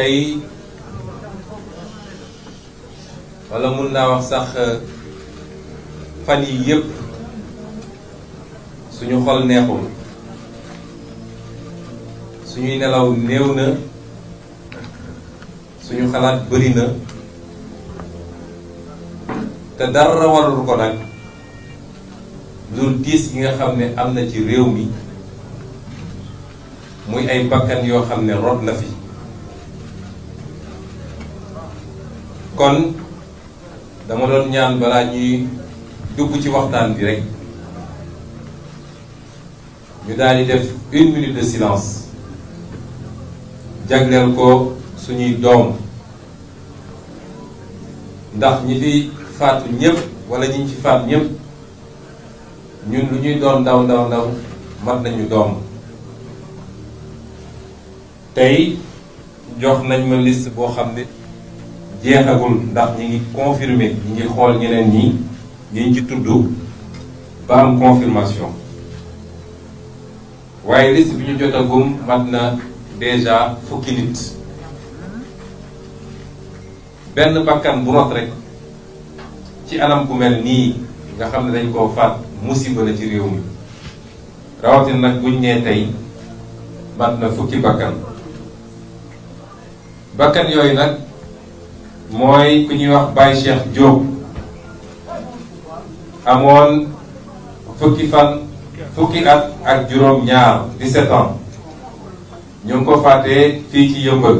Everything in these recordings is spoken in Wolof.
tey walla mun naa wax sax euh, fan yi yépp suñu xol neexul suñuy nelaw néew na suñu xalaat bëri na te dara warul ko nag loolu diis gi nga xam ne am na ci réew mi muy ay bakkan yoo xam ne rot na fi kon dama doon ñaan balaa ñuy dugg ci waxtaan bi rek ñu daal def une minute de silence jagleel ko suñuy doom ndax ñi fi faatu ñëpp wala ñi ci faat ñëpp ñun lu ñuy doon ndaw ndaw ndaw mat nañu doom tey jox nañ ma liste boo xam ne jeexagul ndax ñi ngi confirmer ñi ngi xool ñeneen ñi ñi ci tudd ba confirmation waaye liste bi ñu jotagum mat na déjà fukki nit benn bakkan bu rot rek ci anam ku mel nii nga xam ne dañ koo faat musiba ci réew mi rawatin nag buñ nee tey mat na fukki bakkan bakkan yooyu nag mooy ku ñuy wax Baye Cheikh Diop amoon fukki fan fukki at ak juróom ñaar 17 ans ñu ko fàttee fii ci yëmbal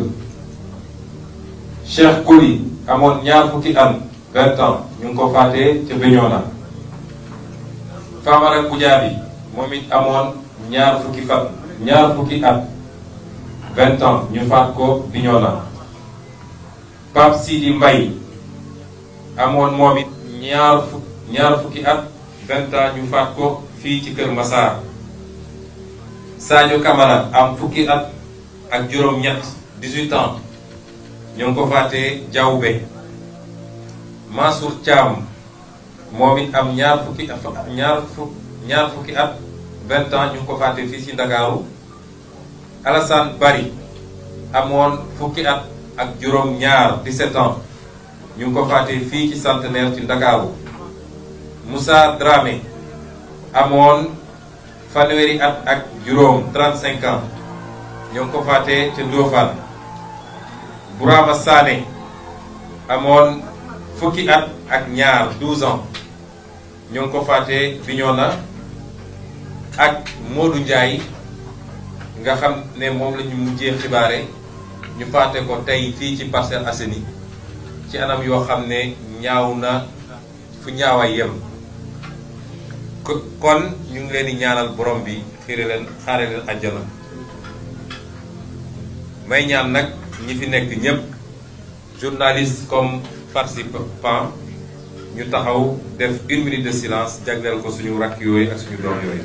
Cheikh Koli amoon ñaar fukki at 20 ans ñu ngi ko fàttee ca Bignona Famara Goudiaby moom it amoon ñaar fukki fan ñaar fukki at 20 ans ñu faat ko Bignona Pape Sidi Mbaye amoon moom it ñaar fukk ñaar fukki at vingt ans ñu faat ko fii ci Kër Massar Sadio Camara am fukki at ak juróom-ñett dix-huit ans ñu ngi ko faatee Diaoubé Mansour Thiam moom it am ñaar fukki ñaar ñaar fukki at vingt ans ñu ngi ko faatee fii ci Ndakaaru Alassane Bari amoon fukki at ak juróom ñaar 17 ans ñu ngi ko faatee fii ci centenaire ci Ndakaaru Moussa Dramé amoon fanweeri at ak juróom 35 ans ñoo ngi ko faatee ca Ndofane Bourama Sané amoon fukki at ak ñaar 12 ans ñoo ngi ko faatee Bignona ak Modou Ndiaye nga xam ne moom lañu ñu mujjee xibaare ñu faate ko tey fii ci Parcelles Assainies ci anam yoo xam ne ñaaw na fu ñaawaay yem kon ñu ngi leen di ñaanal boroom bi xiire leen xaare leen àjjana may ñaan nag ñi fi nekk ñépp journaliste comme participant ñu taxaw def une minute de silence jagleel ko suñu rakk yooyu ak suñu doom yooyu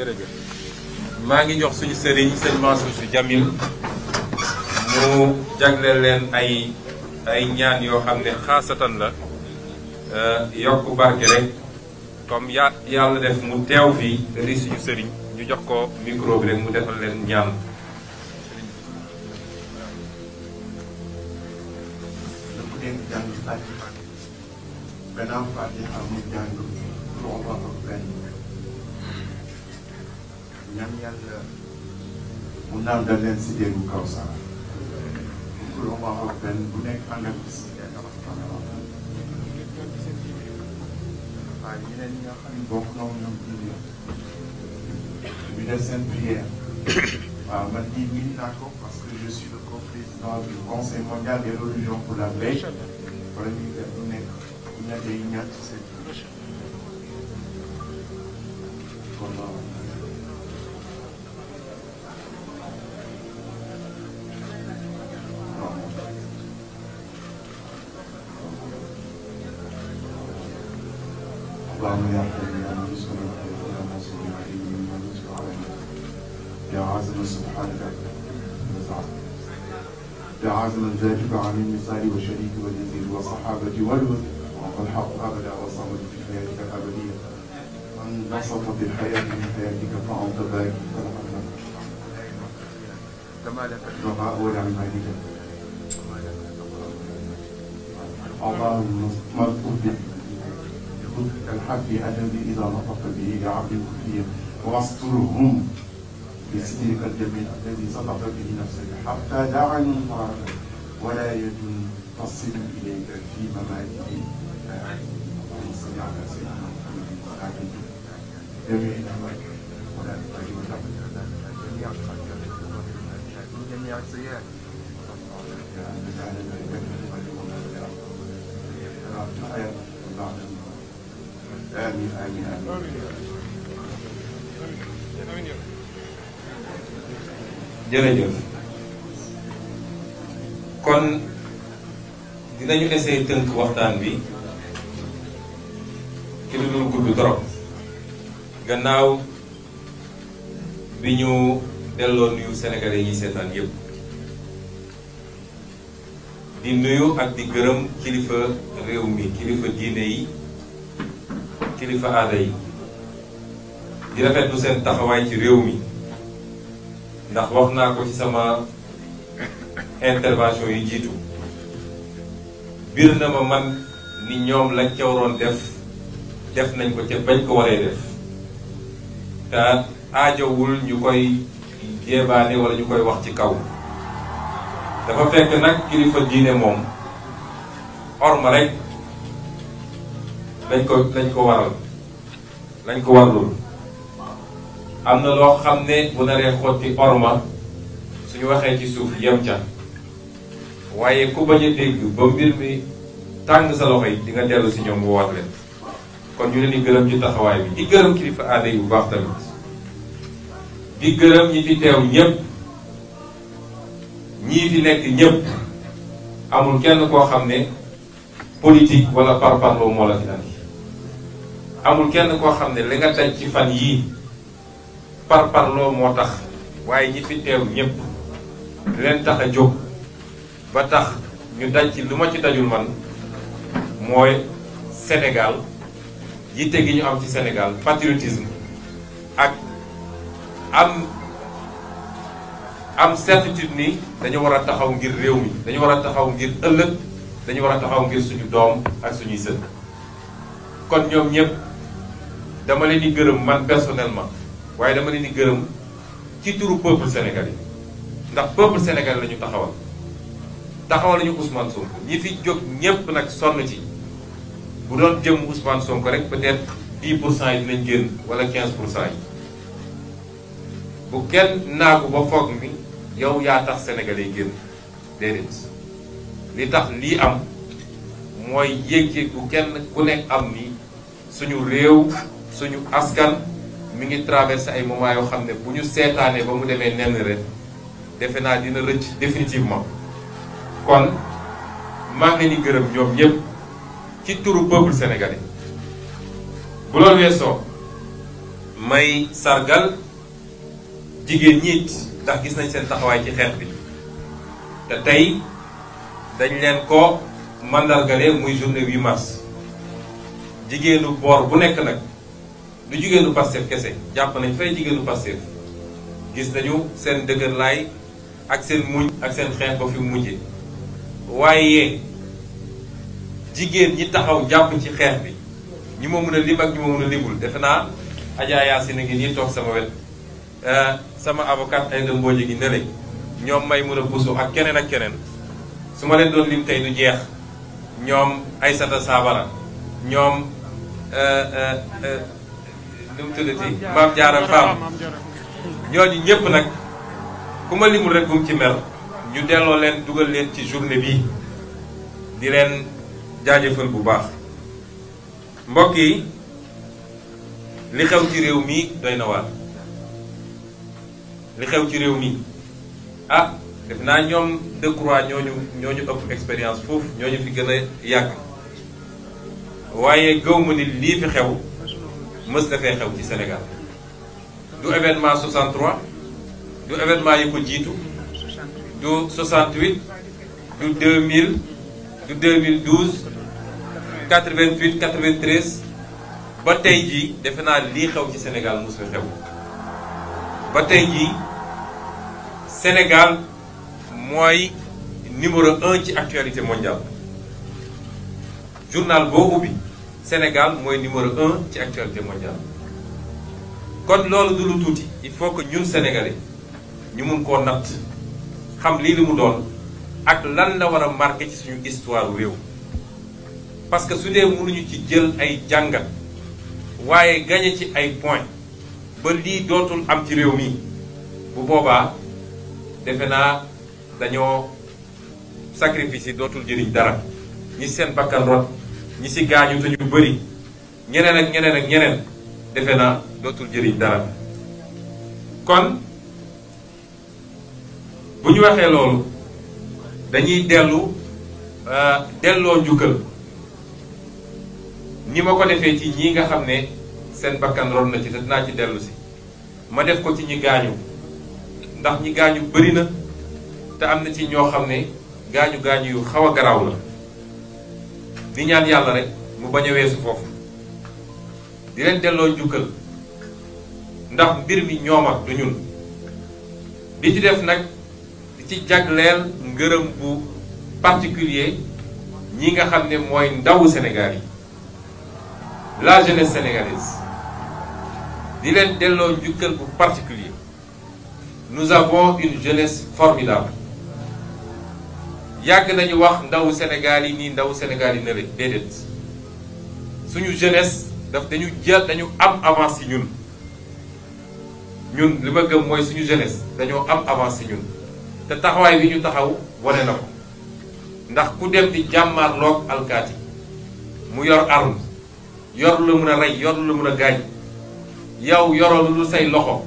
jërëjëf maa ngi jox suñu sëriñ sëñ Mansour Sy Djamil mu jagleel leen ay ay ñaan yoo xam ne xaasatan la euh, yokk barke rek comme ya yàlla def mu teew fii ri suñu sëriñ ñu jox ko micro rek mu defal leen ñaan ñaan yàlla mu naan da leen si déggu kaw saa pour ma wax benn bu nekk ànd ak si benn waaye ñeneen ñi nga xam ne bokk na man di miin naa ko parce que je suis conseil mondial des religions pour la paix wala ñu def lu nekk bu nekkee ñaar ci seen kon وعز من ذلك عن النساء والشريك واليزيد والصحابة والود والحق أبدا وصمد في حياتك الأبدية وانبسطت الحياة من حياتك فأنت باكي فلقد كما أولى عن مالك اللهم مرقب بالحق الذي إذا نطق به لعبد كفية واسترهم يهديك الجميل الذي صدق به نفسك حتى دعني معك ولا يدن تصل اليك في مماتي اللهم صل على سيدنا محمد وعلى جميع الاموات ولا تجد جميع جميع السيئات آمين آمين آمين آمين jërëjëf kon dinañu essayer tënk waxtaan bi ci lu dul gudd trop gannaaw bi ñu delloo nuyu sénégalais yi seetaan yépp di nuyu ak di gërëm kilifa réew mi kilifa diine yi kilifa aada yi di rafetlu seen taxawaay ci réew mi ndax wax naa ko ci sama intervention yi jiitu bir na ma man ni ñoom lañ ca waroon def def nañ ko ca bañ ko waree def te aajowul ñu koy jeebaane wala ñu koy wax ci kaw dafa fekk nag kilifa diine moom orma rek lañ ko lañ ko waral lañ ko warlul am na loo xam ne bu naree xotti orma suñu waxee ci suuf yem ca waaye ku bañ dégg ba mbir mi tàng sa loxo yi di dellu si ñoom woowaat leen kon ñu leen di gërëm ci taxawaay bi di gërëm kilifa aada yi bu baax tamit di gërëm ñi fi teew ñépp ñii fi nekk ñépp amul kenn koo xam ne politique wala parparloo moo la fi andi amul kenn koo xam ne li nga daj ci fan yii par parloo moo tax waaye ñi fi teew ñépp leen tax a jóg ba tax ñu daj ci lu ma ci dajul man mooy Sénégal yitte gi ñu am ci Sénégal patriotisme ak am am certitude ni dañu war a taxaw ngir réew mi dañu war a taxaw ngir ëllëg dañu war a taxaw ngir suñu doom ak suñuy sët kon ñoom ñépp dama leen di gërëm man personnellement waaye dama leen di gërëm ci turu peuple sénégalais ndax peuple sénégalais la ñu taxawal taxawal nañu Ousmane Sonko ñi fi jóg ñépp nag sonn ci bu doon jëm Ousmane Sonko rek peut-être pour cent yi dinañ génn wala 15 pour cent yi bu kenn naagu ba foog mi yow yaa tax sénégalais yi génn déedéet li tax lii am mooy yéeg-yéeg bu kenn ku nekk am ni suñu réew suñu askan mi ngi traversé ay moments yoo xam ne bu ñu seetaanee ba mu demee nenn ren defe naa dina rëcc définitivement kon maa ngi ni gërëm ñoom ñëpp ci turu peuple sénégalais bu loolu weesoo may sargal jigéen ñiit ndax gis nañ seen taxawaay ci xeex bi te tey dañ leen ko mandargale muy journée 8 mars jigéenu boor bu nekk nag lu jigéenu Pastef kese jàpp nañ fay jigéenu Pastef gis nañu seen dëgër laay ak seen muñ ak seen xeex ba fi mujjee waaye jigéen ñi taxaw jàpp ci xeex bi ñi ma mën a lim ak ñi ma mën a limul defe naa Adja Yacine yi nii toog sama wet euh, sama avocat ay dëmbooje gi ne lañ ñoom may mën a busu ak keneen ak keneen su ma leen doon lim tey du jeex ñoom Aysata Saabara ñoom euh, euh, nu mu tuddati maam jaara faam nag ku ma rek bu ci mel ñu delloo leen dugal leen ci journée bi di leen jaajëfal bu baax mbokk yi li xew ci réew mi doy na waar li xew ci réew mi ah def naa ñoom Decroix ñooñu ñooñu ëpp expérience foofu ñooñu fi gën a yàgg waaye gëw ma ni lii fi xew mës na fee xew ci senegal du événement 63 du événement yi ko jiitu du 68 du 2000 du 2012 88 93 ba tey jii defe naa lii xew ci senegal mës na xew ba tey jii Sénégal mooy numéro un ci actualité mondiale journal boo ubbi Sénégal mooy numéro un ci actualité mondiale kon loolu du tuuti il faut que ñun sénégalais ñu mun koo natt xam lii li mu doon ak lan la war a marqué ci suñu histoire réew parce que su dee mënuñu ci jël ay jàngat waaye gañe ci ay point ba lii dootul am ci réew mi bu boobaa defe naa dañoo sacrifice yi dootul jëriñ dara ñi seen bakkan rot ñi si gaañu te ñu bëri ñeneen ak ñeneen ak ñeneen defe naa dootul jëriñ dara kon bu ñu waxee loolu dañuy dellu euh, delloo njukkal ni ma ko defee ci ñi nga xam ne seen bakkan ron na ci te naa ci dellu si ma def ko ci ñi gaañu ndax ñi gaañu bari na te am na ci ñoo xam ne gaañu gaañu yu xaw a garaaw la di ñaan yàlla rek mu bañ a weesu foofu di leen delloo njukkal ndax mbir mi ñooma du ñun di ci def nag di ci jagleel ngërëm bu particulier ñi nga xam ne mooy ndawu Sénégal yi la jeunesse sénégalaise di leen delloo njukkal bu particulier nous avons une jeunesse formidable yàgg nañu wax ndaw Sénégal yi nii ndaw Sénégal yi nële déedéet suñu jeunesse daf dañu jël dañu am avance yi ñun ñun li ma mooy suñu jeunesse dañoo am avance yi ñun te taxawaay bi ñu taxaw wane na ko ndax ku dem di jàmmarloog alkaati mu yor arme yor lu mën a rey yor lu mën a gaañ yow yoroo lu say loxo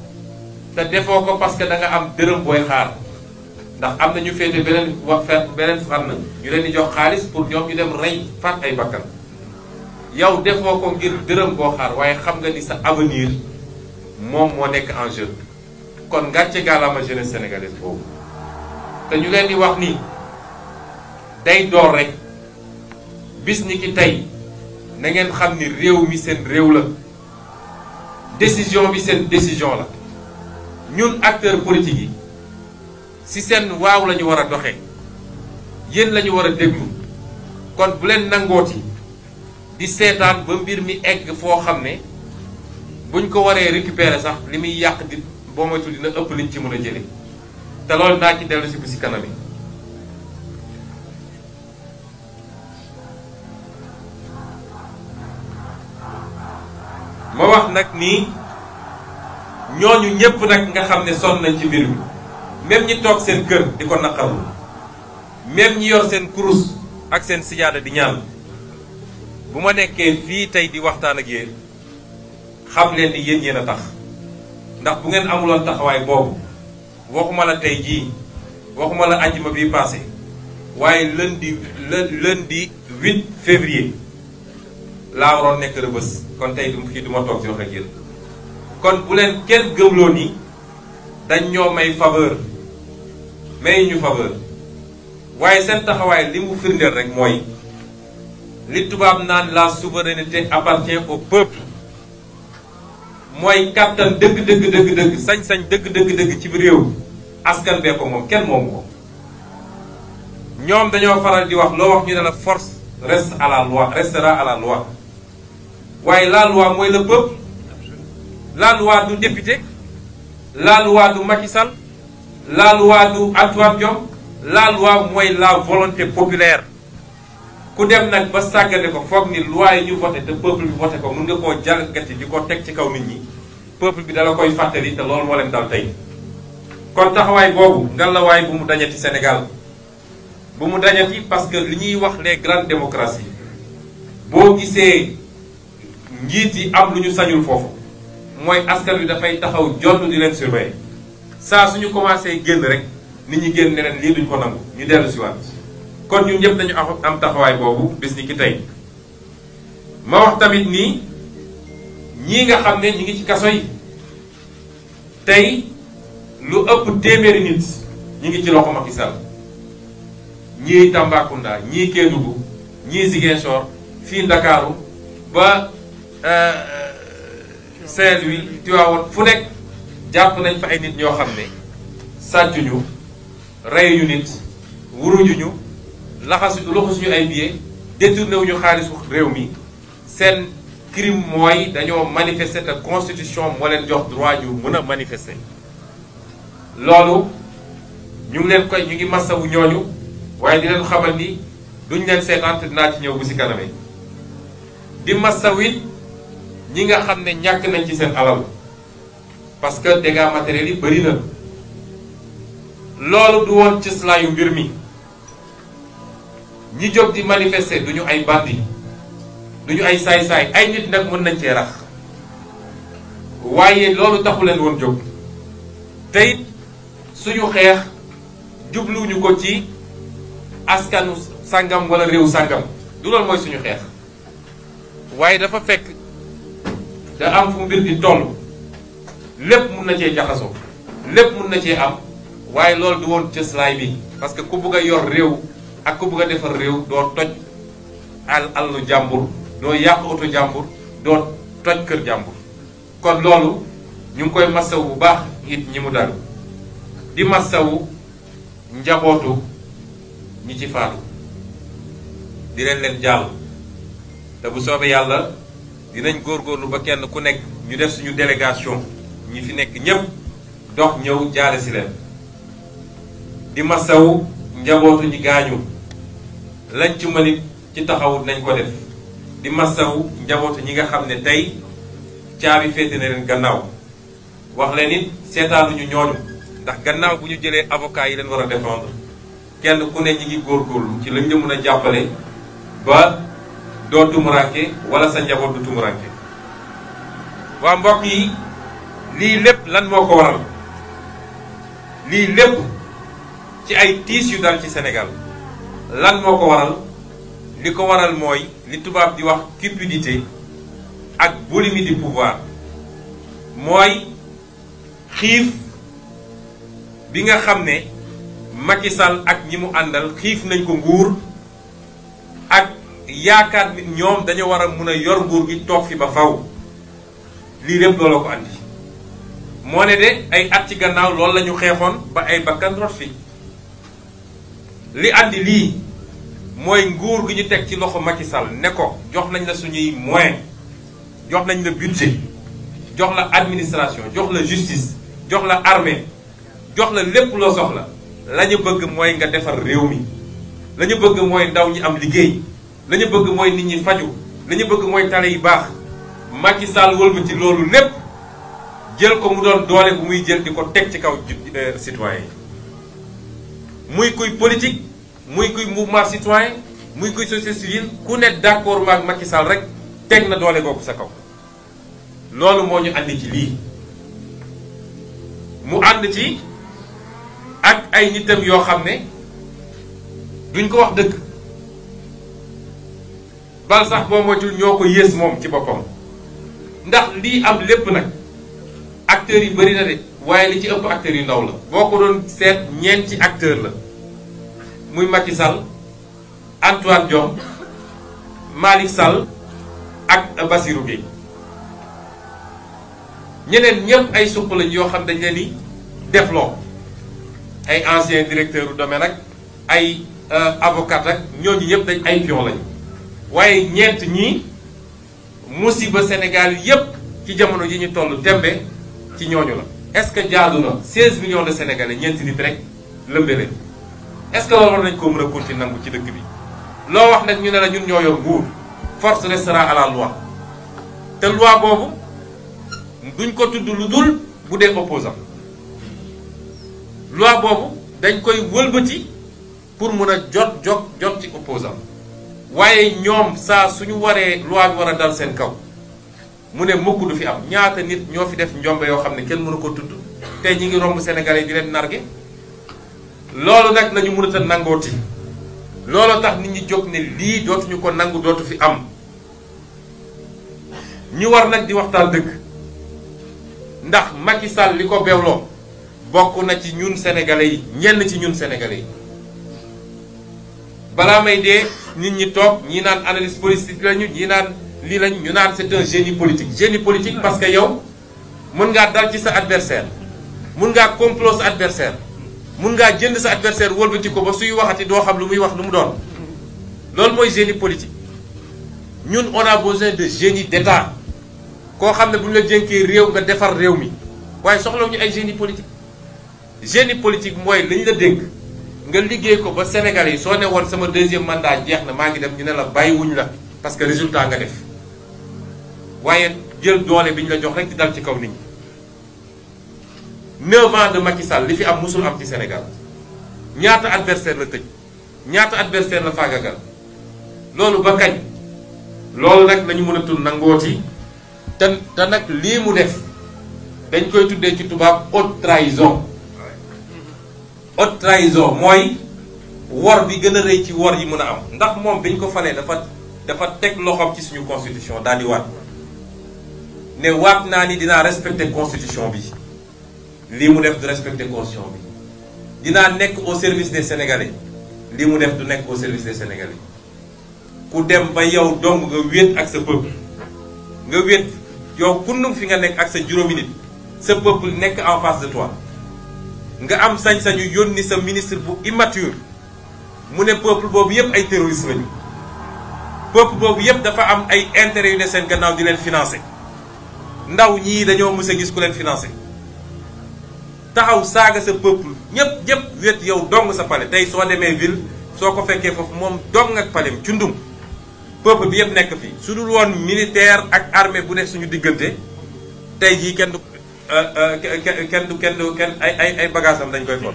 te defoo ko parce que da am dërëm booy xaar ndax am na ñu féete beneen wax beneen fànn ñu leen di jox xaalis pour ñoom ñu dem rey faat ay bakkan yow defoo ko ngir dërëm koo xaar waaye xam nga ni sa avenir moom moo nekk en jeu kon ngàcce gàllaama jeunesse sénégalaise boobu te ñu leen di wax nii day door rek bis ni ki tey na ngeen xam ni réew mi seen réew la décision bi seen décision la ñun acteur politique yi si seen waaw lañu ñu war a doxee yéen lañu ñu war a déglu kon bu leen nangooti di seetaan ba mbir mi egg foo xam ne buñ ko waree récupérer sax li muy yàq di boo moytul dina ëpp liñ ci mën a jële te lool naa ci dellu si bu si kanam yi ma wax nag nii ñooñu ñépp nag nga xam ne sonn nañ ci mbir mi même ñi toog seen kër di ko naqarlu même ñi yor seen kurus ak seen sijaada di ñaan bu ma nekkee fii tey di waxtaan ak yéen xam leen ni yéen yéen a tax ndax bu ngeen amuloon taxawaay boobu waxuma la tey jii waxuma la ajjuma bi passé waaye lundi lundi 8 février laa waroon nekk rëbës kon tey du fii du ma toog ci wax ak yéen kon bu leen kenn gëmloo ni dañ ñoo may faveur may ñu faveur waaye seen taxawaay li mu firndeel rek mooy li tubaab naan la souveraineté appartient au peuple mooy kàttan dëgg dëgg dëgg dëgg sañ-sañ dëgg dëgg dëgg ci réew askan bee ko moom kenn moomu ko ñoom dañoo faral di wax loo wax ñu ne la force reste à la loi restera à waaye la loi mooy le peuple la loi du député la loi du Macky la loi du Antoine Diome la loi mooy la volonté populaire ku dem nag ba sàggane ko foog ni loi yi ñu voté te peuple bi voté ko mën nga koo jalgati di ko teg ci kaw nit ñi peuple bi dala koy fàttali te loolu moo leen dal tey kon taxawaay boobu la ngalawaay bu mu dañati Sénégal bu mu dañati parce que li ñuy wax les grandes démocraties boo gisee njiit yi am lu ñu sañul foofu mooy askan bi dafay taxaw jot di leen surveiller saa suñu commencé génn rek nit ñi génn ne lii duñ ko nangu ñu dellu si waat kon ñun ñëpp nañu am taxawaay boobu bis ni ki tey ma wax tamit nii ñii nga xam ne ñu ngi ci kaso yi tey lu ëpp téeméeri nit ñu ngi ci loxo Macky Sall ñii Tambacounda ñii Kédougou ñii Ziguinchor fii Ndakaaru ba euh, Saint-Louis Tivaouane fu nekk jàpp nañ fa ay nit ñoo xam ne sàccuñu reyuñu nit wuruñuñu laxasu loxasuñu ay billets détourné wuñu xaalisu réew mi seen crime dañoo manifester te constitution moo leen jox droit yu mën a manifester loolu ñu ngi leen koy ñu ngi massawu ñooñu waaye di leen xamal ni duñ leen seen te dinaa ci ñëw bu si kaname di massawit ñi nga xam ne ñàkk nañ ci seen alal parce que dégâts matériels yi bëri na loolu du woon cëslaayu mbir mi ñi jóg di manifester duñu ay bandi duñu ay saay-saay ay nit nag mën nañ cee rax waaye loolu taxuleen leen woon jóg te suñu xeex jubluwuñu ko ci askanu sàngam wala réew sàngam du loolu mooy suñu xeex waaye dafa fekk da am fu mbir di toll lépp mun na cee jaxasoo lépp mun na cee am waaye loolu du woon cëslaay bi parce que ku bëgg a yor réew ak ku bëgg a defar réew doo toj al allu jàmbur doo yàq oto jàmbur doo toj kër jàmbur kon loolu ñu ngi koy massawu bu baax it ñi mu dal di massawu njabootu ñi ci faatu di leen leen jàll te bu soobee yàlla dinañ góorgóorlu ba kenn ku nekk ñu def suñu délégation ñi fi nekk ñëpp dox ñëw jaale si leen di ma saw njabootu ñi gaañu lañ ci mënit ci taxawut nañ ko def di ma saw njabootu ñi nga xam ne tey caabi féete na leen gannaaw wax leen it seetaanuñu ñooñu ndax gannaaw bu ñu jëlee avocat yi leen war a défendre kenn ku ne ñi ngi góorgóorlu ci lañ la mën a jàppale ba doo tumuranke wala sa njaboot du tumuranke waa mbokk yi lii lépp lan moo ko waral lii lépp ci ay tiis yu dal ci Sénégal lan moo ko waral li ko waral mooy li tubaab di wax cupidité ak boulimie du pouvoir mooy xiif bi nga xam ne Macky Sall ak ñi mu àndal xiif nañ ko nguur ak yaakaar nit ñoom dañu war a mun a yor nguur gi toog fi ba faw lii lépp looloo ko andi moo ne de ay at ci gannaaw loolu la ñu xeexoon ba ay bakkan rot li àndi lii mooy nguur gi ñu teg ci loxo Macky Sall ne ko jox nañ la suñuy moyen jox nañ la budget jox la administration jox la justice jox la armée jox la lépp loo soxla la ñu bëgg mooy nga defar réew mi lañu bëgg mooy ndaw ñi am liggéey la bëgg mooy nit ñi faju lañu bëgg mooy tale yi baax Macky Sall wëlbati loolu lépp jël ko mu doon doole bu muy jël di ko teg ci kaw euh, citoyen yi muy kuy politique muy kuy mouvement citoyen muy kuy société civile ku ne d'accord maak Macky Sall rek teg na doole googu sa kaw loolu moo ñu ànd ci lii mu ànd ci ak ay nitam yoo xam ne duñ ko wax dëkk bal sax boo moytul ñoo ko yées moom ci boppam ndax lii am lépp nag acteurs yi bëri na de waaye li ci ëpp acteurs yu ndaw la boo ko doon seet ñeent ci acteur la muy Macky sal Antoine Diome Malick Sall ak Bassirou Gueye ñeneen ñëpp ay suq lañ yoo xam dañ leen di defloo ay ancien directeur du domaine ak ay euh, avocat ak ñooñu ñëpp dañ ay pion lañ waaye ñeent ñii musiba senegal yépp ci jamono ji ñu toll tembe ci ñooñu la est-ce que jaadu na 16 millions de sénégalais ñeenti nit rek lëmbe leen est-ce que loolu nañ koo mën a continuer nangu ci dëkk bi loo wax nag ñu ne la ñun ñoo yor nguur force restera à la loi te loi boobu duñ ko tudd lu dul bu dee opposant loi boobu dañ koy wëlbati pour mun a jot jot jot ci opposant waaye ñoom saa su ñu waree loi bi war a dal seen kaw mu ne mukk du fi am ñaata nit ñoo fi def njombe yoo xam ne kenn mënu ko tudd tey ñi ngi romb Sénégal yi di leen narge loolu nag lañu mënut a nangooti loolu tax nit ñi jóg ne lii dootuñu ko nangu dootu fi am ñu war nag di waxtaan dëgg ndax Macky Sall li ko bewloo bokk na ci ñun sénégalais yi ñenn ci ñun sénégalais yi balaa may dee nit ñi toog ñi naan analyse politique lañu ñi naan lii lañ ñu naan c'est un génie politique génie politique parce que yow mën ngaa dal ci sa adversaire mun ngaa complot sa adversaire mën ngaa jënd sa adversaire wëlbati ko ba suy waxati doo xam lu muy wax lu mu doon loolu mooy génie politique ñun on a besoin de génie d'État koo xam ne bu ñu la jënkee réew nga defar réew mi waaye soxlawu ñu ay génie politique génie politique mooy li ñu la dénk nga liggéey ko ba Sénégal yi soo ne woon sama deuxième mandat jeex na maa ngi dem ñu ne la bàyyiwuñ la parce que résultat nga def waaye jël doole bi ñu la jox rek di dal ci kaw nit ñi neuf ans li fi am mosul am ci senegal ñaata adversaire la tëj ñaata adversaire la faagagal loolu ba kañ loolu nag lañu mën a tudd nangooti te te nag lii mu def dañ koy tuddee ci tubaab haute trahison haute trahison mooy wor bi gën a rëy ci wor yi mën a am ndax moom biñ ko falee dafa dafa teg loxoom ci suñu constitution daal di waat ne waat naa ni dinaa respecter constitution bi lii mu def du respecter constitution bi dinaa nekk au service des sénégalais lii mu def du nekk au service des sénégalais ku dem ba yow dong nga wéet ak sa peuple nga wéet yow kundum fi nga nekk ak sa juróomi nit sa peuple nekk en face de toi nga am sañ-sañu yónni sa ministre bu immature mu ne peuple boobu yëpp ay terroriste lañu peuple boobu yëpp dafa am ay intérêt yu ne seen gannaaw di leen financer. ndaw ñii dañoo mës gis ku leen financé taxaw saaga sa peuple ñëpp ñëpp wet yow dong sa pale tey soo demee ville soo ko fekkee foofu moom dong ak palem cundum peuple bi yëpp nekk fii su dul woon militaire ak armée bu nekk suñu diggante tey jii kenn du euh, euh, kenn du kenn du ay ay ay dañ koy for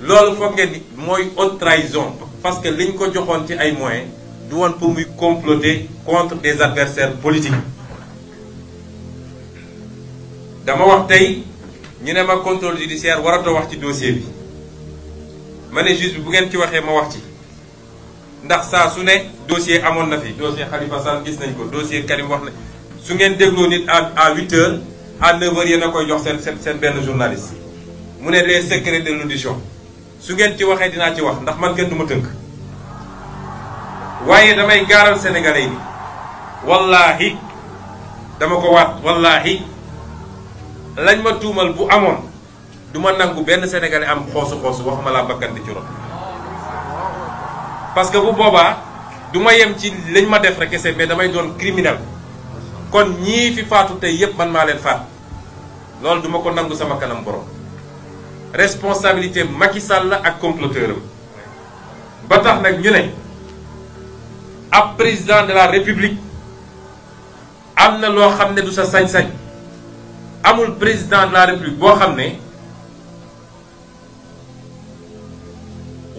loolu foog ngeen ni mooy haute trahison parce que liñ ko joxoon ci ay moyen du woon pour muy comploter contre des adversaires politiques dama wax tey ñu ne ma contrôle judiciaire waratoo wax ci dossier bi ma ne juge bi bu ngeen ci waxee ma wax ci ndax saa su ne dossier amoon na fi dossier Khalifa Sall gis nañ ko dossier Karim wax na su ngeen dégloo nit à en huit heures à neuf heures yéen a koy jox seen seen benn journaliste mu ne les secrets de l'audition su ngeen ci waxee dinaa ci wax ndax man kenn du ma tënk waaye damay gaaral sénégalais yi wallaahi dama ko waat wallaahi lañ ma tuumal bu amoon duma nangu benn sénégalais am xoosu xoosu waxuma laa bakkan ci rot parce que bu boobaa du yem ci lañ ma def rek kese mais damay doon criminel kon ñii fi faatu tey yépp man maa leen faat loolu duma ko nangu sama kanam borom responsabilité Macky Sall la ak comploteur am ba tax nag ñu ne ab président de la république am na loo xam ne du sa sañ-sañ amul président de la république boo xam ne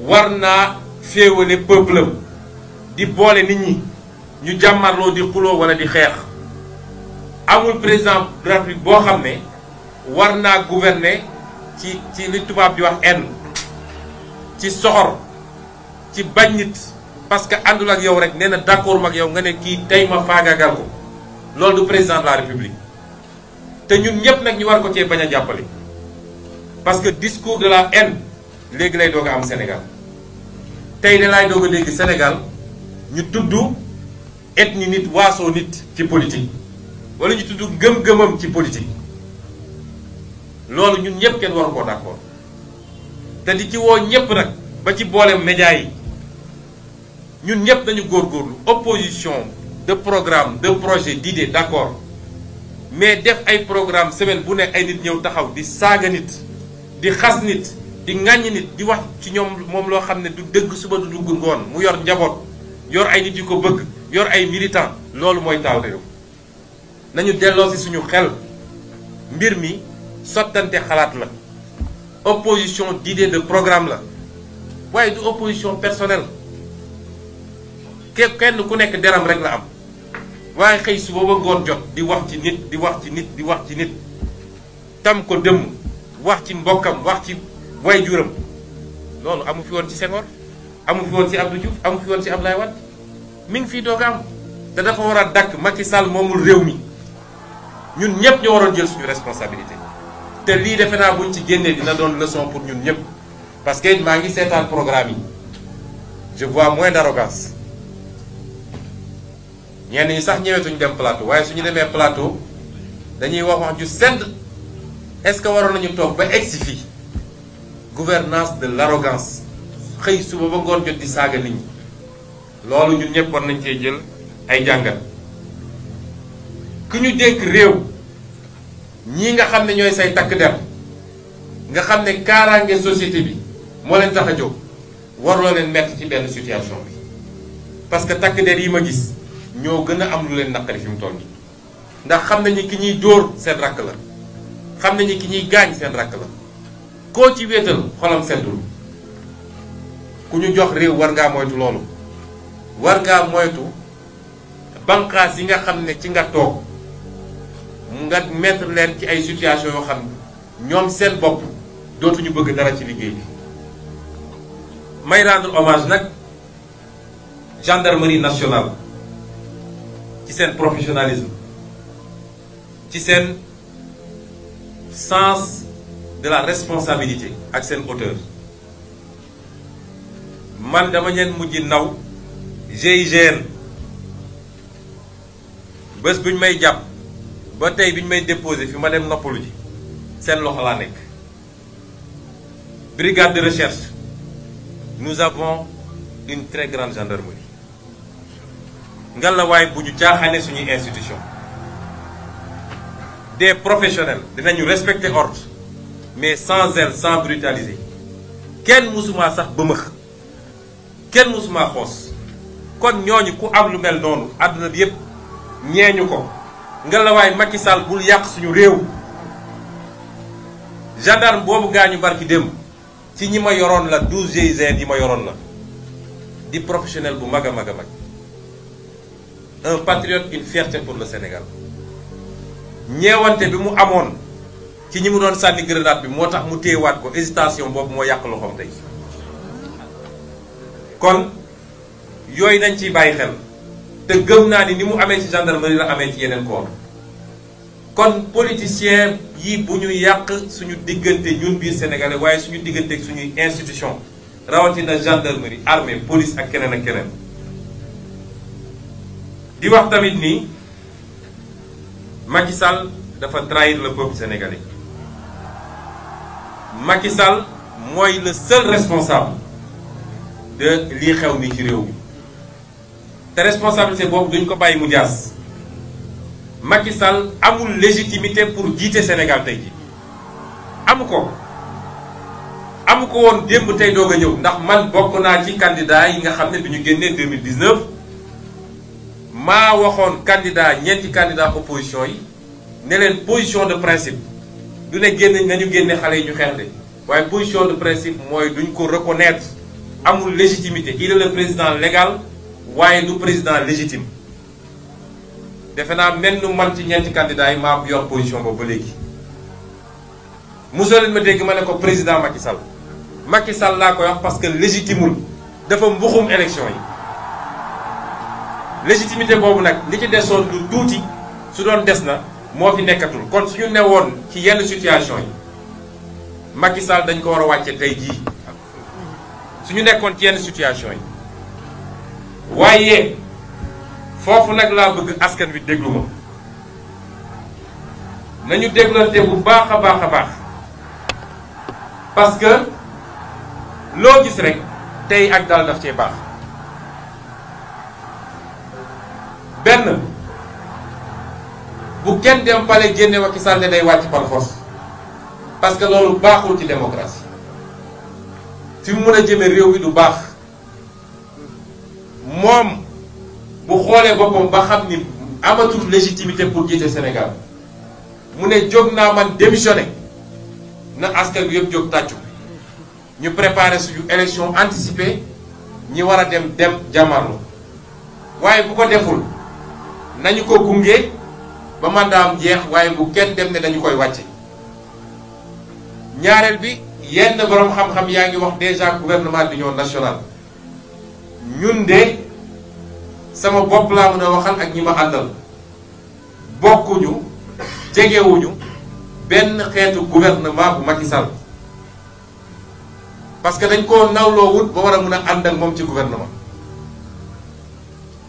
war naa féewale peuple di boole nit ñi ñu jàmmarloo di xuloo wala di xeex amul président de la boo xam ne war naa gouverner ci ci li tubaab bi wax haine ci soxor ci bañ nit parce que àndul ak yow rek nee na d'accord ak yow nga ne kii tey ma faagaagal ko loolu du président de la république te ñun ñëpp nag ñu war ko cee bañ a jàppale parce que discours de la haine léegi lay doog a am Sénégal tey de laay doog a dégg Sénégal ñu tudd ethnie nit waasoo nit ci politique wala ñu tudd gëm-gëmam ci politique loolu ñun ñëpp kenn waru koo d'accord te di ci woo ñëpp nag ba ci boole média yi. ñun ñëpp dañu góorgóorlu opposition de programme de projet d'idée d'accord mais def ay programme semaine bu nekk ay nit ñëw taxaw di saaga nit di xas nit di ŋàññ nit di wax ci ñoom moom loo xam ne du dëgg suba du dugg ngoon mu yor njaboot yor ay nit yu ko bëgg yor ay militant loolu mooy taal réew nañu delloo si suñu xel mbir mi sottante xalaat la opposition d'idée de programme la waaye du opposition personnel ke kenn ku nekk deram rek la am waaye xëy suba ba ngoon jot di wax ci nit di wax ci nit di wax ci nit tam ko dëmm wax ci mbokkam wax ci waajuram loolu amu fi woon ci Senghor amu fi woon ci Abdou Diouf amu fi woon ci Abdoulaye Wade mi ngi fii doog a am te dafa war a dàkk Macky Sall moomul réew mi ñun ñëpp ñoo waroon jël suñu responsabilité te lii defe naa buñ ci génnee dina doon leçon pour ñun ñëpp parce que maa ngi seetaan programme yi je vois moins d'arrogance ñenn ñi sax ñëwetuñ dem plateau waaye suñu demee plateau dañuy wax wax ju sedd est-ce que waroon nañu toog ba si fii gouvernance de l'arrogance xëy suba ba ngoon jot di saaga nit ñi loolu ñun ñëpp war nañ cee jël ay jàngat ku ñu dénk réew ñii nga xam ne ñooy say takk der nga xam ne kaaraange société bi moo leen tax a jóg warloo leen mettre ci benn situation bi parce que takk der yi ma gis ñoo gën a am lu leen naqari fi mu toll bi ndax xam nañu ki ñuy dóor seen rakk la xam nañu ki ñuy gaañ seen rakk la koo ci wéetal xolam seddul ku ñu jox réew war ngaa moytu loolu war ngaa moytu banqaas yi nga xam ne ci nga toog nga mettre leen ci ay situation yoo xam ne ñoom seen bopp dootuñu bëgg dara ci liggéey bi may rendre hommage nag gendarmerie nationale ci seen professionnalisme ci seen sens de la responsabilité ak seen hauteur man dama ñeen mujj naw GIGN bés bu ñu may jàpp ba tey bi ñu may déposé fi ma dem noppalu ji seen loxo laa nekk brigade de recherche nous avons une très grande gendarmerie ngalawaay bu ñu caaxaane suñuy institution des professionnels dinañu respecter ordre mais sans zèle sans brutaliser kenn mësumaa sax ba kenn mësumaa xoos kon ñooñu ku am lu mel noonu àdduna bi yépp ñeeñu ko ngalawaay Macky sal bul yàq suñu réew gendarme boobu gaañu barki démb ci ñi ma yoroon la 12 GIGN yi ma yoroon la di professionnel bu mag a mag a mag un patriote une fierté pour le Sénégal ñeewante bi mu amoon ci ñi mu doon sànni grenade bi moo tax mu téyewaat ko hésitation boobu moo yàq loxoom tey kon yooyu nañ ciy bàyyi xel te gëm naa ni ni mu amee ci gendarmerie la amee ci yeneen corps kon politicien yi bu ñu yàq suñu diggante ñun biir sénégalais waaye suñu diggante ak suñuy institution rawatina gendarmerie armée police ak keneen ak keneen di wax tamit nii Macky Sall dafa trahir le peuple sénégalais Macky Sall mooy le seul responsable de lii xew mi ci réew mi te responsabilité boobu duñ ko bàyyi mu jaas Macky Sall amul légitimité pour jiite Sénégal tey ji amu ko amu ko woon démb tey doog a ñëw ndax man bokk naa ci candidat yi nga xam ne bi ñu génnee 2019 maa waxoon candidat ñeenti candidat opposition yi ne leen position de principe du ne génn nañu génne xale yi ñu xeex de waaye position de principe mooy duñ ko reconnaître amul légitimité il est le président légal waaye du président légitime defe naa mel nu man ci ñeenti candidats yi maa yor position boobu ba léegi mosoleen ma dégg ma ne ko président Macky Sall Macky Sall laa koy wax parce que légitimul dafa mbuxum élection yi légitimité boobu nag li ci desoon lu tuuti su doon des na moo fi nekkatul kon su suñu newoon ci yenn situation yi Macky Sall dañ ko war a wàcce tey jii suñu nekkoon ci yenn situation yi waaye foofu nag laa bëgg askan wi déglu ma nañu déglante bu baax a baax a baax parce que loo gis rek tey ak daal daf cee baax benn bu kenn dem pale génne Macky Sall ne day wàcc par parce que loolu baaxul ci démocratie fi mu mën a jëme réew mi du baax moom bu xoolee boppam ba xam ni amatul légitimité pour jiite Sénégal mu ne jóg naa man démissionné na askan bi yëpp jóg tàccu ñu préparer suñu élection anticipée ñi war a dem dem jàmmarlu waaye bu ko deful nañu ko gunge ba mandaam jeex waaye bu kenn dem ne dañu koy wàcce ñaareel bi yenn borom xam-xam yaa ngi wax déjà gouvernement d'union nationale ñun de sama bopp laa mën a waxal ak ñi ma àndal bokkuñu jegewuñu benn xeetu gouvernement bu Macky Sall parce que dañ koo nawloo wut ba war a mën a ànd moom ci gouvernement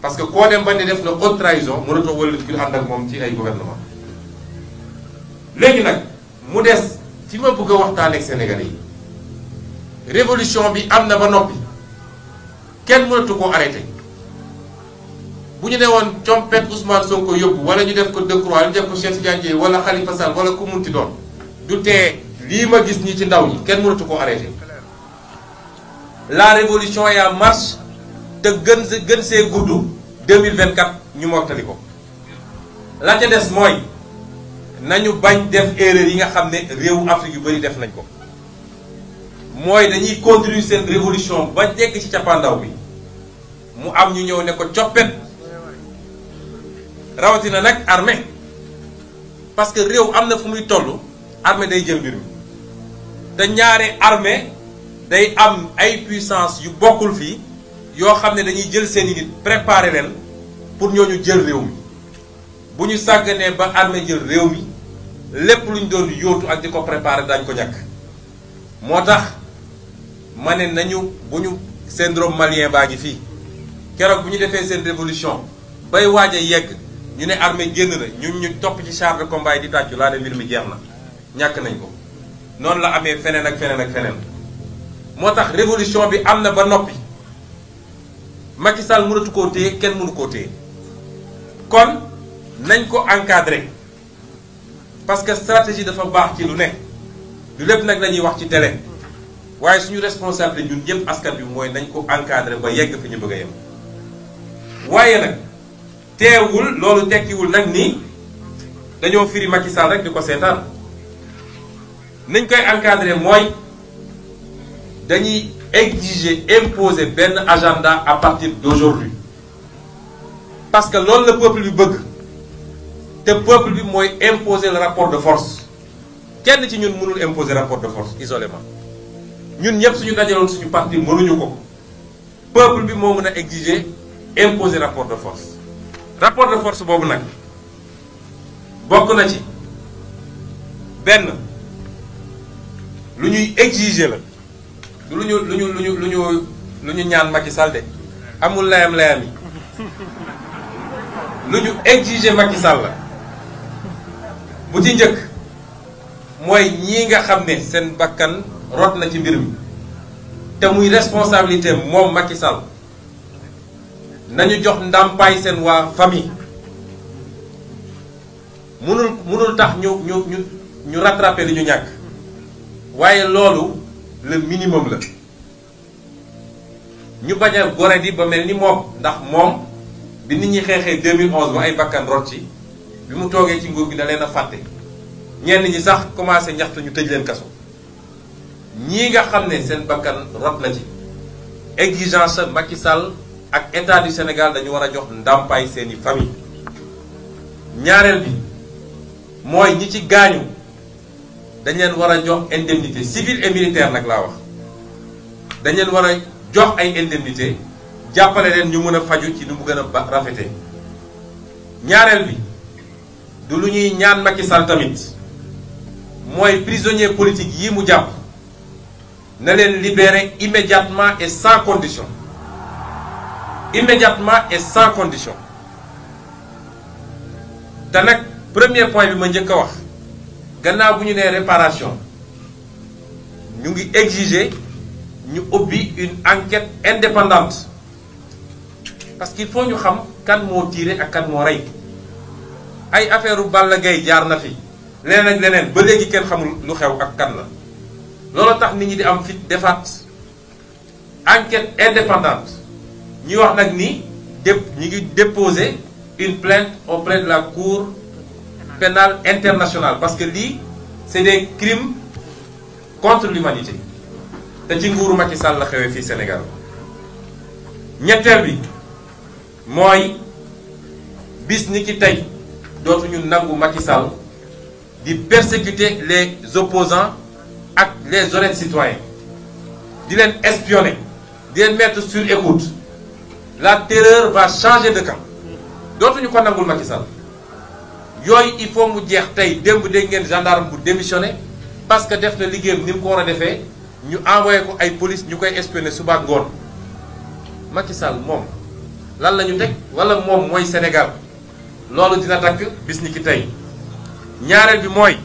parce que koo dem ba ni def na haute trahison mënatoo wëlbatikul ànd ak moom ci ay gouvernement léegi nag mu des fi ma bugg a waxtaan ak Sénégalais yi révolution bi am na ba noppi kenn mënatu koo arrêté bu ñu ne woon compet Ousmane Sonko yóbbu wala ñu def ko Decroix ñu def ko Cheikh Tidiane Dièye wala Khalifa Sall wala ku munti doon du tee lii ma gis ñi ci ndaw ñi kenn mënutu ko arrêté la révolution est en te gën gën see gudd deux vingt 2024 ñu mottali ko la ca des mooy nañu bañ def erreur yi nga xam ne réewu Afrique yu bëri def nañ ko mooy dañuy continuer seen révolution ba jekk ci cappaandaw bi mu am ñu ñëw ne ko coppet rawatina nag armée parce que réew am na fu muy toll armée day jël mbir mi te ñaare armée day am ay puissance yu bokkul fii yoo xam ne dañuy jël seen i nit préparer leen pour ñoo ñu jël réew mi bu ñu sàgganee ba armée jël réew mi lépp lu ñu doon yóotu ak di ko préparer dañ ko ñàkk moo tax ma ne nañu bu ñu seen syndrome malien baa ngi fii keroog bu ñu defee seen révolution bay waaj a yegg ñu ne armée génn na ñu ñu topp ci char de combat yi di tàccu laa ne mbir mi jeex na ñàkk nañ ko noonu la amee feneen ak feneen ak feneen moo tax révolution bi am na ba noppi Macky Sall mënatu koo téye kenn mënu koo téye kon nañ ko encadré parce que stratégie dafa baax ci lu nekk lu lépp nag lañuy wax ci télé waaye suñu responsabilité ñun ñëpp askan bi mooy nañ ko encadré ba yegg fi ñu bëgg a yem waaye nag teewul loolu tekkiwul nag nii dañoo firi Macky Sall rek di ko seetaan nañ koy encadré mooy dañuy exiger imposer benn agenda à partir d'aujourd'hui parce que loolu la peuple bi bëgg te peuple bi mooy imposer la rapport de force kenn ci ñun mënul imposer rapport de force isolément ñun ñëpp suñu dajaloon suñu parti mënuñu ko ko peuple bi moo mën a exiger imposer rapport de force rapport de force boobu nag bokk na ci benn lu ñuy exiger la lu ñu lu ñu lu ñu lu ñu lu ñu ñaan Macky Sall de amul layam layam yi lu ñu exiger Macky Sall la bu ci njëkk mooy ñii nga xam ne seen bakkan rot na ci mbir mi te muy responsabilité moom Macky Sall nañu jox ndàmpaay seen waa famille mënul mënul tax ñu ñu ñu ñu rattraper li ñu ñàkk waaye loolu. le minimum la ñu bañ a gore di ba mel ni moom ndax moom bi nit ñi xeexee 2011 ba ay bakkan rot ci bi mu toogee ci nguur gi da leen a fàtte ñenn ñi sax commencé ñaxtu ñu tëj leen kaso ñii nga xam ne seen bakkan rot na ci exigence sa Macky Sall ak état du Sénégal dañu war a jox ndàmpaay seeni famille ñaareel bi mooy ñi ci gaañu dañ leen war a jox indemnité civile et militaire nag laa wax dañ leen war a jox ay indemnité jàppale leen ñu mën a faju ci nu mu gën a rafete ñaareel bi du lu ñuy ñaan Macky Sall tamit mooy prisonnier politique yi mu jàpp na leen libérer immédiatement et sans condition immédiatement et sans condition te nag premier point bi ma njëkk a wax gannaaw bu ñu nee réparation ñu ngi exiger ñu ubbi une enquête indépendante parce que faut ñu xam kan moo tiire ak kan moo rey ay affaire Balla Gaye jaar na fi leneen ak leneen ba léegi kenn xamul lu xew ak kan la loolu tax ni ñi di am fit defaat enquête indépendante ñuy wax nag ni dép ñu ngi déposer une plainte auprès de la cour pénale international parce que lii c'est des crimes contre l'humanité te ci nguuru Macky Sall la xewee fii Sénégal ñetteel bi mooy bis ni ki tey dootuñu nangu Macky Sall di persécuter les opposants ak les honnêtes citoyens di leen espionner di leen mettre sur écoute la terreur va changer de camp dootuñu ko nangul Macky Sall yooyu il faut mu jeex tey démb dégg ngeen gendarme bu démissionné parce que def na liggéeyam ni mu ko war a defee ñu envoyé ko ay police ñu koy espionné suba ak ngoon Macky moom lan la ñu teg wala moom mooy Sénégal loolu dina takk bis tey ñaareel bi mooy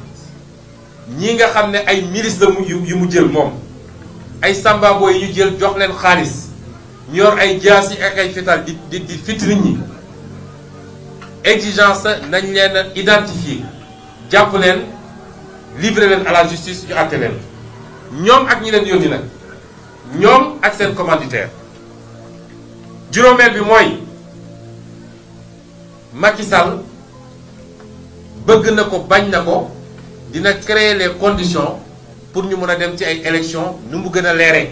ñi nga xam ne ay milice la mu yu mu jël moom ay sambabo yi ñu jël jox leen xaalis ñor ay jaas ak ay fetal di di di fit nit ñi exigence nañ leen a identifier jàpp leen livrer leen à la justice ñu àtte leen ñoom ak ñi leen yónni nag ñoom ak seen commanditaire juróomeel bi mooy Macky Sall bëgg na ko bañ na ko dina créer les conditions pour ñu mën a dem ci ay élections nu mu gën a leeree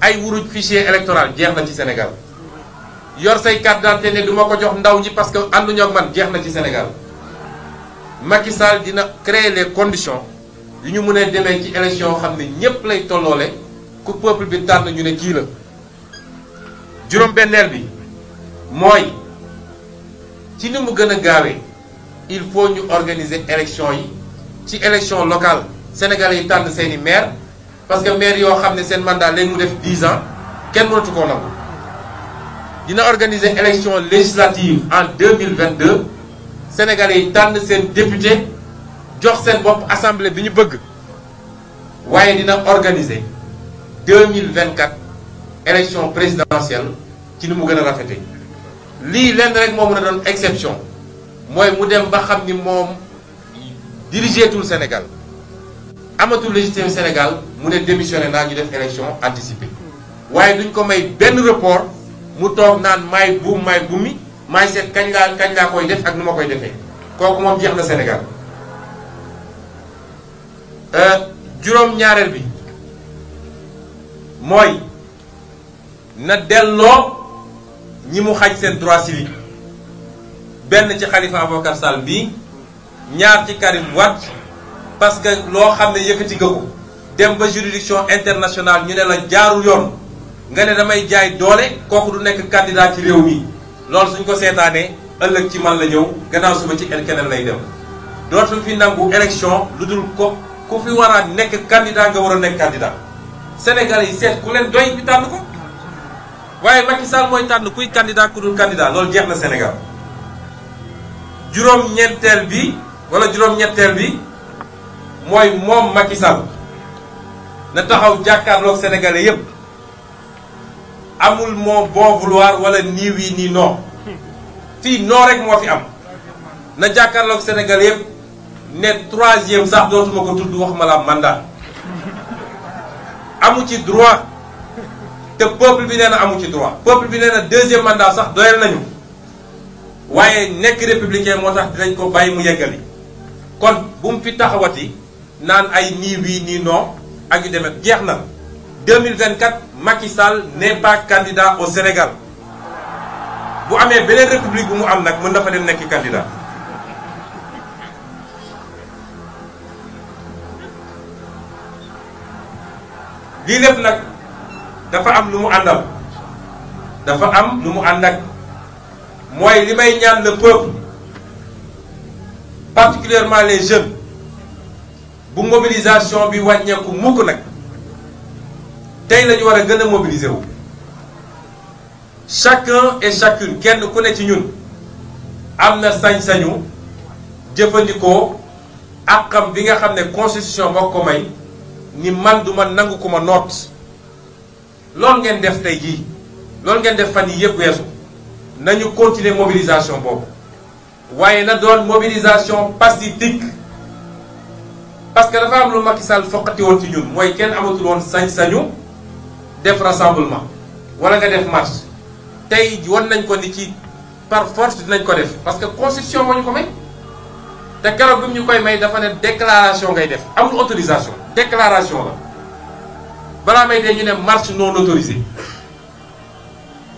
ay wuruj fichier électoral jeex na ci Sénégal. yor say carte d'identité ne du ma ko jox ndaw ñi parce que ànduñoo ak man jeex na ci Sénégal Macky Sall dina créer les conditions yu ñu mën a demee ci élection yoo xam ne ñépp lay tolloole ku peuple bi tànn ñu ne kii la juróom-benneel bi mooy ci ni mu gën a gaawee il faut ñu organiser élection yi ci élection locale sénégalais yi tànn seeni maire parce que maire yoo xam ne seen mandat léegi mu def 10 ans kenn mënatu koo nangu dina organiser élection législative en 2022 sénégalais yi tànn seen député jox seen bopp assemblée bi ñu bëgg waaye dina organise mille organiser 2024 élection présidentielle ci ni mu gën a rafete lii lenn rek moo mën a doon exception mooy mu dem ba xam ni moom dirigeetul Sénégal amatul légitime Sénégal mu ne démissionné naa ñu def élection anticipée waaye duñ ko may benn report mu toog naan maay buum maay bumi maay seet kañ laa kañ laa koy def ak nu ma koy defee kooku moom jeex na Sénégal euh, juróom-ñaareel bi mooy na delloo ñi mu xaj seen droit civique benn ci Khalifa Ababacar Sall bii ñaar ci Karim Wade parce que loo xam ne yëkkati nga ko dem ba juridiction internationale ñu ne la jaarul yoon nga ne damay jaay doole kooku du nekk candidat ci réew mi loolu suñ ko seetaanee ëllëg ci man la ñëw gannaaw suba ci keneen lay dem dootu fi nangu élection lu dul ko ku fi war a nekk candidat nga war a nekk candidat Sénégalais yi seet ku leen doy tànn ko waaye Macky Sall mooy tànn kuy candidat ku dul candidat loolu jeex na senegal juróom-ñetteel bi wala juróom-ñetteel bi mooy moom Macky Sall na taxaw jàkkaarloog sénégalais yépp amul moo bon vouloir wala niiw yi nii non fii non rek moo fi am na jàkkaarloog Sénégal yëpp ne troisième sax dootuma ko tudd wax ma la mandat ci droit te peuple bi nee na amu ci droit. peuple bi nee na deuxième mandat sax doyal nañu waaye nekk républicain moo tax dinañ ko bàyyi mu yeggali kon bu mu fi taxawati naan ay nii wii nii non ak yu demee jeex na. 2024 Macky Sall n'est pas candidat au Sénégal bu amee beneen république bu mu am nag mën na fa dem nekk candidat lii lépp nag dafa am lu mu àndal dafa am lu mu ànd ak mooy li may ñaan le peuple particulièrement les jeunes bu mobilisation bi wàññeeku mukk nag tey lañu war a gën a mobiliser wu chacun et chacune kenn ku ne ci ñun am na sañ-sañu jëfandikoo àqam bi nga xam ne constitution moo ko may ni man duma nangu ku ma noot loolu ngeen def tey jii loolu ngeen def fan yii yëpp weesu nañu continuer mobilisation boobu waaye na doon mobilisation pacifique parce que dafa am lu Macky Sall foqati woon ci ñun mooy kenn amatul woon sañ-sañu def rassemblement wala nga def marche tey wan nañ ko ni ci par force dinañ ko def parce que constitution moo ñu ko may te keroog bi ñu koy may dafa ne déclaration ngay def amul autorisation déclaration la balaa may dee ñu ne marche noonu autorisée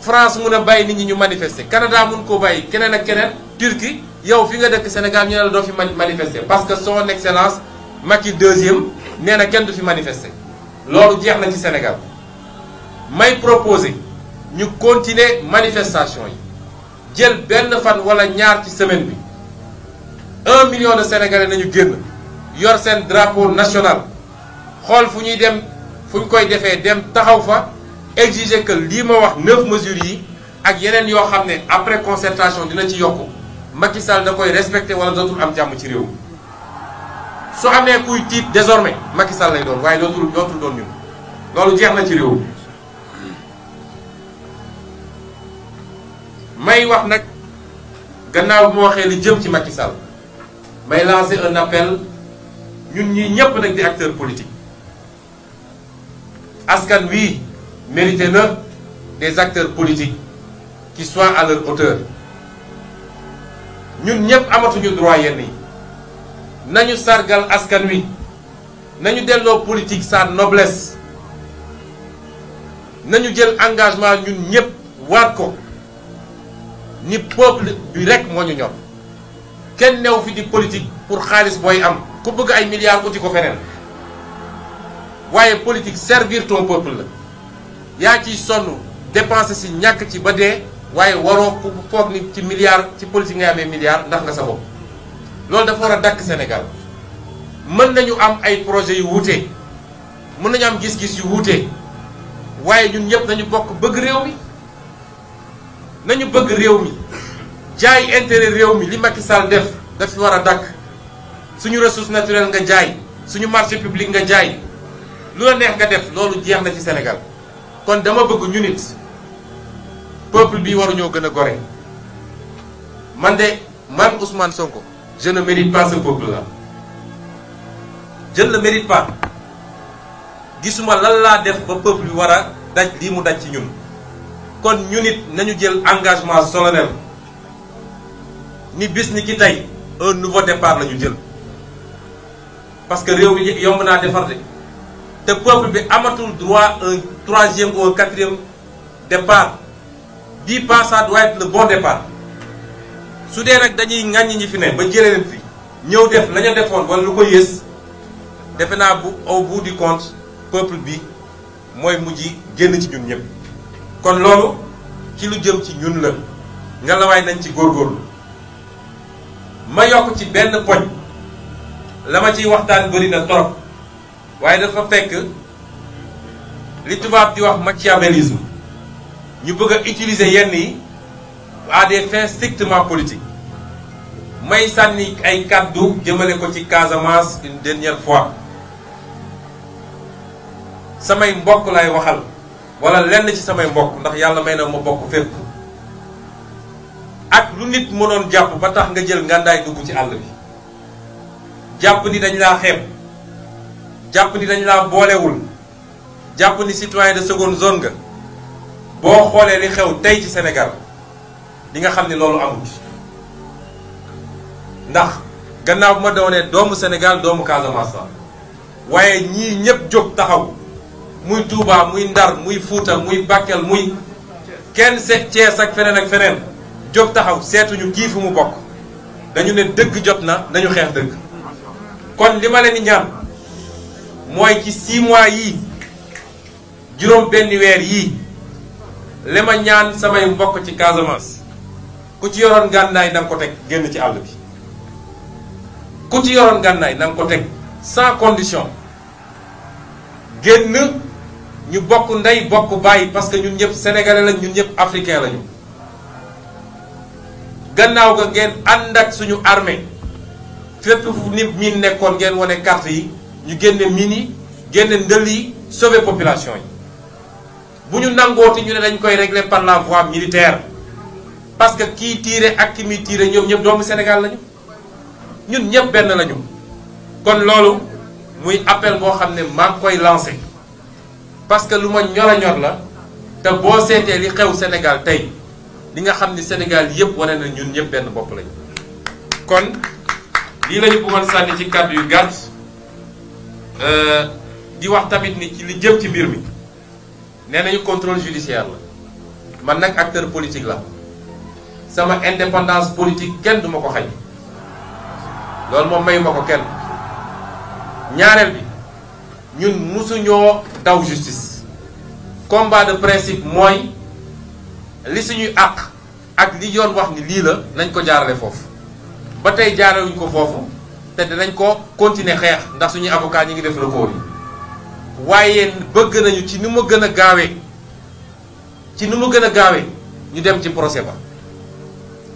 France mun a bàyyi nit ñi ñu manifester Canada mun koo bàyyi keneen ak keneen Turquie yow fi nga dëkk Sénégal ñu ne la doo fi manifester parce que soo son excellence Macky deuxième nee na kenn du fi manifester loolu jeex na ci Sénégal. may proposer ñu continuer manifestation yi jël benn fan wala ñaar ci semaine bi un million de sénégalais nañu génn yor seen drapeau national xool fu ñuy dem fu ñu koy defee dem taxaw fa exiger que lii ma wax neuf mesures yi ak yeneen yoo xam ne après concertation dina ci yokk Macky Sall da koy respecté wala dootul am jàmm ci réew mi su amee kuy tiit désormais Macky Sall lay doon waaye dootul dootul doon ñun loolu jeex na ci réew may wax nag gannaaw mu waxee li jëm ci Macky Sall may lancer un appel ñun ñi ñëpp nag di acteur politique askan wi mérité na des acteurs politiques qui soit à leur ñun ñëpp amatuñu droit yenn yi nañu sargal askan wi nañu delloo politique sa noblesse nañu jël engagement ñun ñëpp waat ko ni peuple bi rek moo ñu ñor kenn new fii di politique pour xaalis booy am ku bëgg ay milliards uti ko feneen waaye politique servir ton peuple la yaa ciy sonn dépenser si ñàkk ci ba dee waaye waroo ku foog ni ci milliards ci politique ngay amee milliards ndax nga sa bopp loolu dafa war a dàkk senegal mën nañu am ay projets yu wuute mën nañu am gis-gis yu wuute waaye ñun ñëpp nañu bokk bëgg réew mi nañu bëgg réew mi jaay intérêt réew mi li Macky Sall def daf fi war a dakk suñu ressource naturelle nga jaay suñu marché public nga jaay lu la neex nga def loolu jeex na ci Sénégal kon dama bëgg ñu nit peuple bi waruñoo gën a gore man de man Ousmane Sonko je ne mérite pas ce la là je ne le mérite gisuma lan laa def ba peuple bi war a daj lii mu daj ci ñun kon ñu nit nañu jël engagement solennel ni bis ni ki tey un nouveau départ la ñu jël parce que réew mi yomb naa defar de te peuple bi amatul droit un troisième ou un quatrième départ bii pas ça doit être le bon départ su dee nag dañuy ŋàññi ñi fi ne ba jële leen fi ñëw def la defoon wala lu ko yées defe naa bu au bout du compte peuple bi mooy mujj génn ci ñun ñëpp. kon loolu ci lu jëm ci ñun la nga lawaay nañ ci góor góorgóorlu ma yokk ci benn poñ la ma ciy waxtaan bëri na torop waaye dafa fekk li tubaab di wax machiavélisme ñu bëgg a utiliser yenn yi à des fins strictement politiques may sànni ay kàddu jëmale ko ci Casamance une dernière fois samay mbokk lay waxal wala lenn ci samay mbokk ndax yàlla may na ma bokk fépp ak lu nit mënoon jàpp ba tax nga jël ngàndaay dugg ci àll bi jàpp ni dañ laa xeeb jàpp ni dañ laa boolewul jàpp ni citoyen de seconde zone nga boo xoolee li xew tey ci senegal di nga xam ni loolu amut ndax gannaaw bu ma doonee doomu senegal doomu Casamance la waaye ñii ñëpp jóg taxaw muy Touba muy Ndar muy Fuuta muy Bakel muy kenn seet Cees ak feneen ak feneen jóg taxaw seetuñu kii fi mu bokk dañu ne dëgg jot na nañu xeex dëgg kon li ma leen ñaan mooy ci 6 mois yii juróom benn weer yi li ma ñaan samay mbokk ci Casamance ku ci yoroon gànnaay na nga ko teg génn ci àll bi ku ci yoroon gànnaay na nga ko teg sans condition génn ñu bokk ndey bokk bàyyi parce que ñun ñëpp sénégalais lañ ñun ñëpp africain lañu gannaaw ga ngeen ànd ak suñu armée fépp fu nit miin nekkoon ngeen wane carte yi ñu génne mine yi génne ndël sove sauver population yi bu ñu nangooti ñu ne dañ koy régler par la voie militaire parce que kii tiire ak ki muy tiire ñoom ñëpp doomu Sénégal lañu ñun ñëpp benn lañu kon loolu muy appel boo xam ne maa koy lancé parce que lu ma ñor a ñor la te boo seetee li xew Sénégal tey li nga xam ni Sénégal yëpp wane na ñun ñëpp benn bopp lañu kon lii lañu bëggoon sànni ci kàddu yu gàtt euh, di wax tamit ni ci li jëm ci mbir mi nee nañu contrôle judiciaire la man nag acteur politique la sama indépendance politique kenn du ma ko xañ loolu moom mayuma ko kenn ñaareel bi ñun musuñoo daw justice combat principe mooy li suñuy àq ak li yoon wax ni lii la nañ ko jaarale foofu ba tey jaarewuñ ko foofu te dinañ ko continuer xeex ndax suñuy avocat ñi ngi def recours yi waaye bëgg nañu ci ni mu gën a gaawee ci ni mu gën a gaawee ñu dem ci procès ba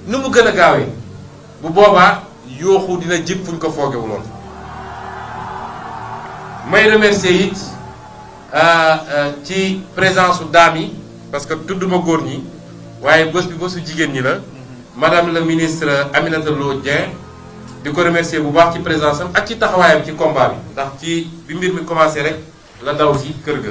nu mu gën a gaawee bu boobaa yooxu dina jib fuñ ko foogewuloon may remercier it euh, euh, ci présence su daam yi parce que tudduma góor ñi waaye bés bi bésu jigéen ñi la madame la ministre Aminata Lo Dieng di ko remercier bu baax ci présence am ak ci taxawaayam ci combat bi ndax ci bi mbir mi commencé rek la daw ci kër ga